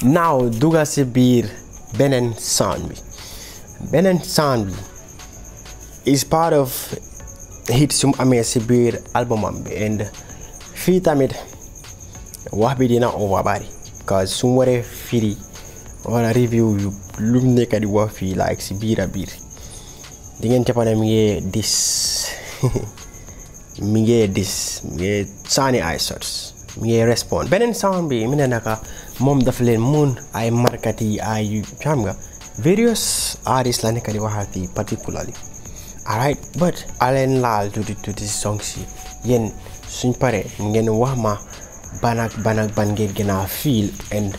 naaw dugal si biir beneen sound bi beneen sound bi is part of hit su mu amee si biir albumam bi fii tamit wax bi dina over bari cause su mu waree firi wala review yu lu mu nekk di wax fii like si biir a biir di ngeen mi ngee dis mi ngee dis mi ngee sànni ay shots mi ngee respond beneen sound bi mi ne naka mom daf leen mun ay markati ay xam nga various artists la nekk di waxal particularly alright but aleen laal tuuti tuuti si song si, yen suñ pare ngeen wax ma banak banak ban ak ngeen gën feel and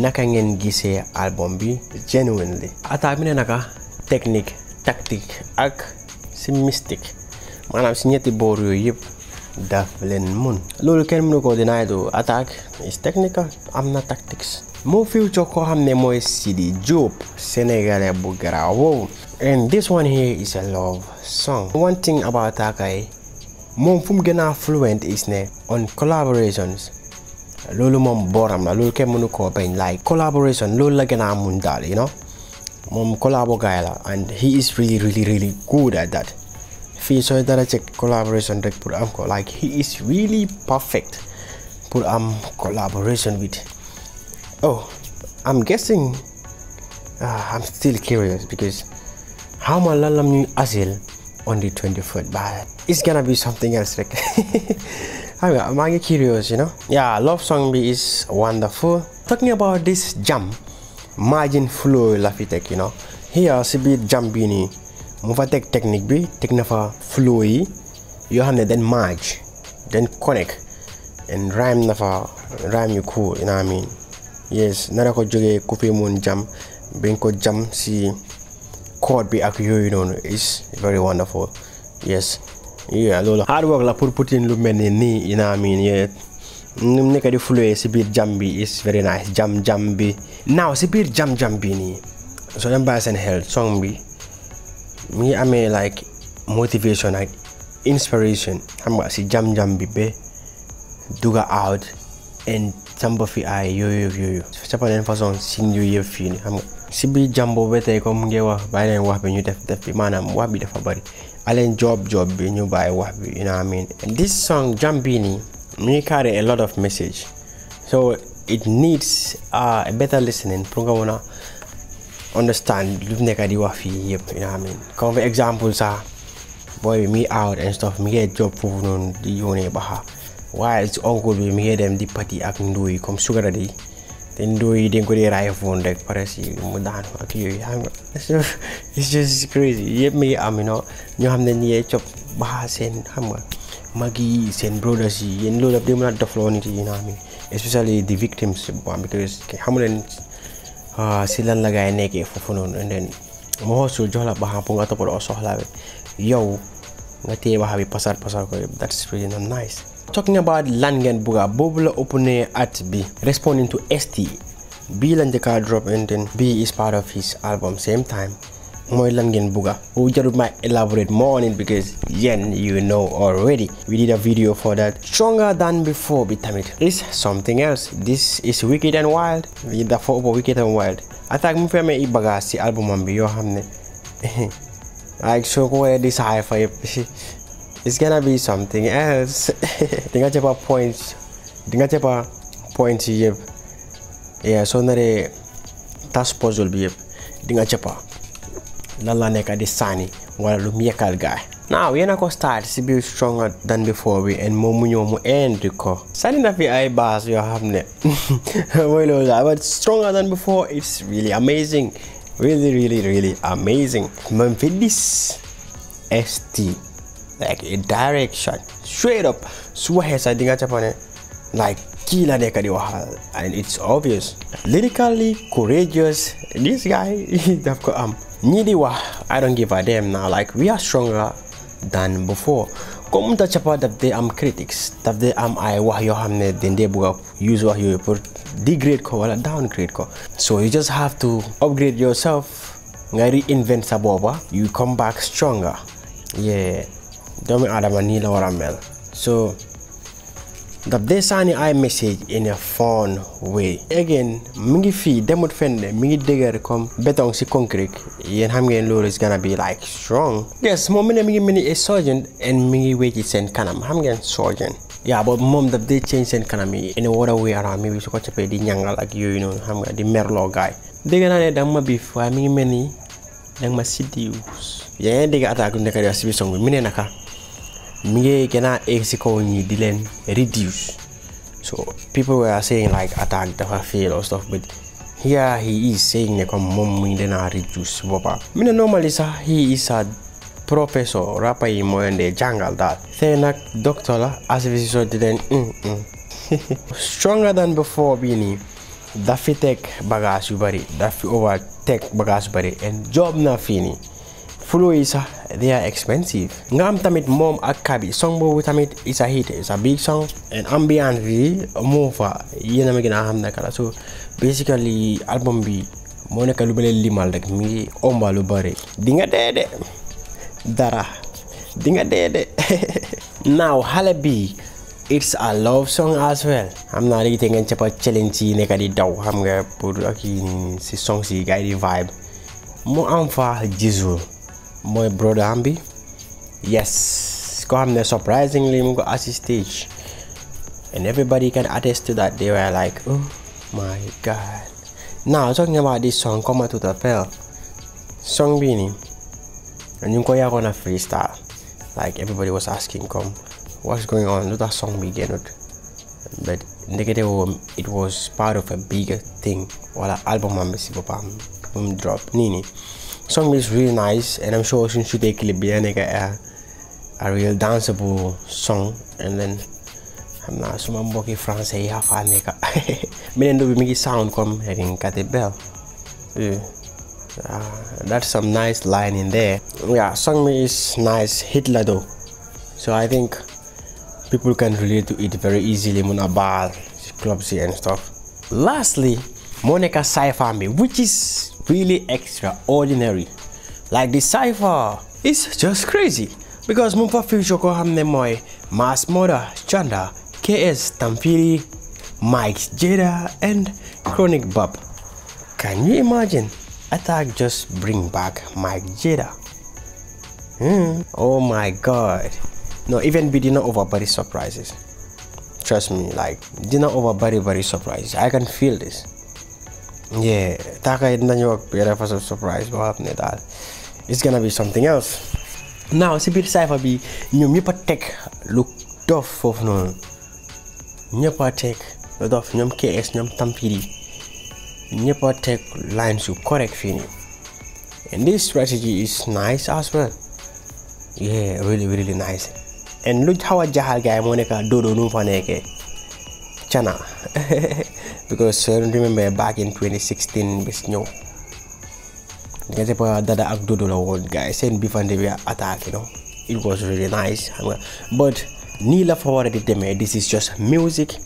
naka ngeen gisee album bi genuinely ata bi ne naka technique tactique ak si mystique maanaam si ñetti boor yooyu yëpp daf Moon. Lulu loolu kenn mënu ko deny du attaque is technical am tactics moo future koo xam ne mooy CD. Diop sénégalais bu and this one here is a love song one thing about Akai moom fu mu fluent is ne on collaborations Lulu moom booram la loolu kenn mënu like collaboration Lulu la gën you know moom collabo guy la and he is really really really good at that so that I check collaboration with Puram Ko. Like he is really perfect Puram collaboration with. Oh, I'm guessing. Uh, I'm still curious because how Malalam ni Azil on the 24th, but it's gonna be something else. Like I'm, I'm curious, you know. Yeah, Love Song B is wonderful. Talking about this jump, margin flow lafitek, you know. Here, see bit jambini. mu fa teg technique bi teg na fa flow yi yoo xam ne dañ match dañ connect and rhyme na fa rhyme yu cool you know what yes nara ko jógee ku fi mun jam biñ ko jam si code bi ak yooyu noonu is very wonderful yes yeah loolu hard work la pour Putin lu mel ni nii you know what I mu nekk di flowee si biir jam bi is very nice jam jam bi naaw si biir jam jam bi nii soo dem bàyyi seen xel song bi me I mean like motivation like inspiration I'm gonna si jam-jam bi do duga out and samba fi yo yooyu yëpp yooyu sapaneen façon si yooyu yëpp fii ni xam nga si biir jam boobu ba tey comme ngeen wax bàyyi leen wax bi ñu def def bi maanaam wax bi dafa bari aleen job job bi ñu by wax bi you know what I mean this song jam bii me carry a lot of message so it needs uh, a better listening pronga nga understand lu nekk di wax fii yëpp you know what I mean comme for example sax boy me out and stuff Me get job for noonu di yónnee baxa why it's oncle bi mi ngee dem di party ak ndóo Come comme sugar daddy te ndóo yi dañ ko dee raay foon rek pare si mu daan ak yooyu it's just crazy yëpp me ngi am you know ñoo xam ne nii cop baxa seen xam nga mag yi seen brothers yi yéen loolu a nit yi you know what I mean especially the victims because xamu leen silan la gaay nekke fofu non nden mo hosul jola ba hampu ngato ko sohla be yow ngati ba habi pasar pasar ko that's really not nice talking about langen buga bobu la opene at bi responding to st bi lan de ka drop and then b is part of his album same time mooy lan ngeen bugga bu jarut ma elaborate more on it because yen you know already we did a video for that stronger than before bi tamit is something else this is wicked and wild The for wicked and wild attack mu fi amee i bagage si albumam bi yoo xam ne like soo ko waree decipher it's gonna be something else Tinga nga points di nga points yi yëpp yeah soo naree tas puzzle bi yëpp di na la neka di sànni wala lu miyekal yekkal gaay now yéen a ko start si biir stronger than before bi and moom mu ñëw mu end ko sànni na fi ay base yoo xam ne mooy loolu daal but stronger than before it's really amazing really really really amazing man fi dis st like a direction straight up su waxee sax di nga jàpp like killer and it's obvious. Lyrically courageous, this guy, they've got um, I don't give a damn now, like we are stronger than before. chapa tachapa dapde am critics, dapde am ay wahyo hamne dende buga use wahyo por degrade ko wala downgrade ko. So you just have to upgrade yourself, ngay reinvent sa boba, you come back stronger. Yeah, Don't dami ada manila mel So daf dee sànni ay message in a phone way again mi ngi fii demut fende mi ngi dëgër comme si concrete yéen xam ngeen loolu is gonna be like strong yes moom mi ne mi ngi a surgeon and mi ngi send seen kanam xam ngeen surgeon yeah but mom daf dee change seen kanam yi in a water way around mi bi su ko pay di nyangga ak yooyu you know, nga di merloo gaay dégg naa ne dang ma biif waaye mi ngi mel ni danga ma siddiw yaa ngi dégg attaque nekk di si bisong bi ne naka Me ngi gën a egg si reduce so people were saying like attack dafa fail or stuff but here he is saying ne comme moom mu ngi leen reduce boppam mi normally sir, he is a professor rapper yi moo leen dee jàngal that te nag doctor la as if so mm, mm. stronger than before bini nii daf fi teg bagage bari over teg bagage bari and job na fini flow sax uh, they are expensive nga am tamit moom ak kabi song boobu tamit is a hit is a big song and bi yéen a ma gën a xam naka la so moo nekk lu bële limal rek mi ngi omba lu bëri di nga de dara di nga de now xale bi it's a love naa léegi te ngeen cappa challenge yi nekk di daw xam nga pour ak yi am fa jisul My brother Ambi, yes come there. surprisingly mu assist stage and everybody can attest to that they were like oh my god now talking about this song Come to the Fell song bii nii ñu ngi gonna a freestyle like everybody was asking come, what's going on lu that song bi génnut but negative it was part of a bigger thing wala album am bi si boppam drop Nini song is really nice and i'm sure since you take a, a real danceable song and then xam naa suma much français yi xafaa nekka beneen do bi mi ngi sound comme Ringkate Bell uh, that's some nice line in there yeah song me is nice hitler though so I think people can relate to it very easily mun a club scene and stuff lastly Monica cipher me, which is really extraordinary. Like the cipher, it's just crazy because mumpa future ko hamne moy Mass Murder, Chanda, KS Tamfiri Mike Jada and Chronic Bob. Can you imagine? Attack just bring back Mike Jada. Mm. Oh my god. No, even be did not body surprises. Trust me, like did not overbody body surprises. I can feel this. ये ताका इतना जो पेरा फसल सरप्राइज वो आपने दाल इस गा बी समथिंग एल्स ना उसे फिर साइफ अभी न्यू मी पटेक लुक टफ ऑफ नो न्यू पटेक दफ न्यूम के एस न्यूम तमपीरी न्यू पटेक लाइन सू करेक्ट फिनी and this strategy is nice as well ये really really nice and look how जहाल गया मोने का डोडो नु फने के चना because I remember back in 2016 bis ñëw diggante pa uh, Dada ak Dodo award, guys. gars before they were attaque you know it was really nice but nii for fa war a this is just music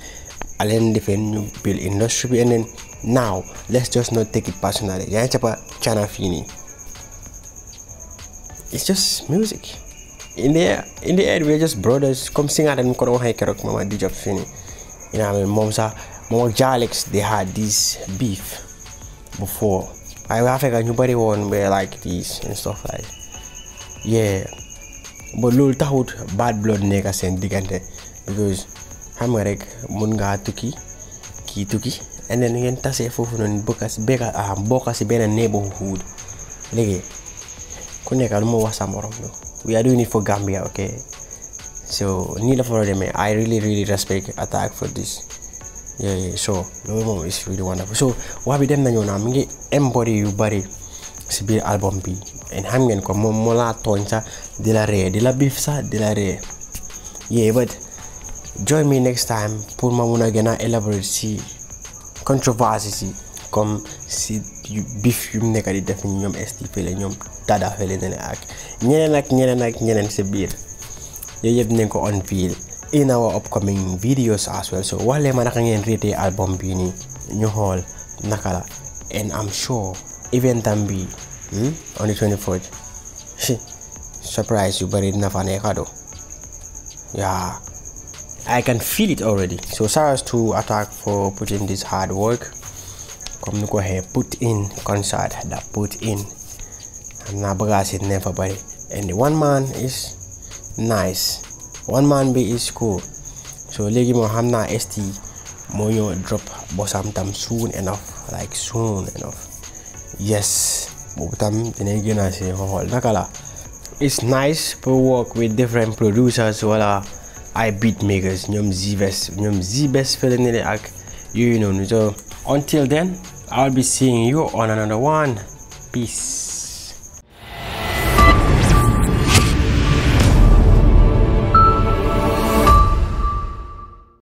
aleen defee ñu build industry and then now let's just not take it personally yaa ngi cappa China fii it's just music in the in the end we're just brothers Come sing, nga dañ ko doon waxee keroog mama di job fii you know moom sax Mojalix they had this beef before. I have like a new body one where like this and stuff like yeah. But lol tahout bad blood nigga send digante because I'm going mun ngaa tukki kii tukki and then ngeen tasee foofu noonu bokka si bekka ah bokka si benn neighborhood léegi ku nekk lu ma no we are doing it for Gambia okay so neither for them eh? I really really respect Attack for this yeah so loolu moom is really wonderful so wax bi dem nañoo naa mu ngi embody yu bari si biir album bi and xam ngeen ko moom moo laa tooñ sax di la ree di la biif sax di la ree yeah but join me next time pour ma mun a gën a élaborer si controverse si comme si biif yu mu nekk di def ñoom STP la ñoom Dada Fele ak ñeneen ak ñeneen ñeneen si biir yooyu yëpp nañ ko on fil in our upcoming videos as well so wale ma naka ngeen rate album bini new hall nakala and I'm sure even am bi hmm, on the 24th surprise you bari na fa do yeah I can feel it already so Sarah's to attack for putting this hard work come ni ko put in concert that put in And naa bagaas never nefa and the one man is nice one man be is cool so léegi moo xam naa ST moo ñëw drop but tam soon enough like soon enough yes boobu tam dinañ gën a si xool naka la it's nice to work with different producers wala I beat makers ñoom Zbest ñoom Zbest Feeling ne ak yooyu noonu so until then I'll be seeing you on another one peace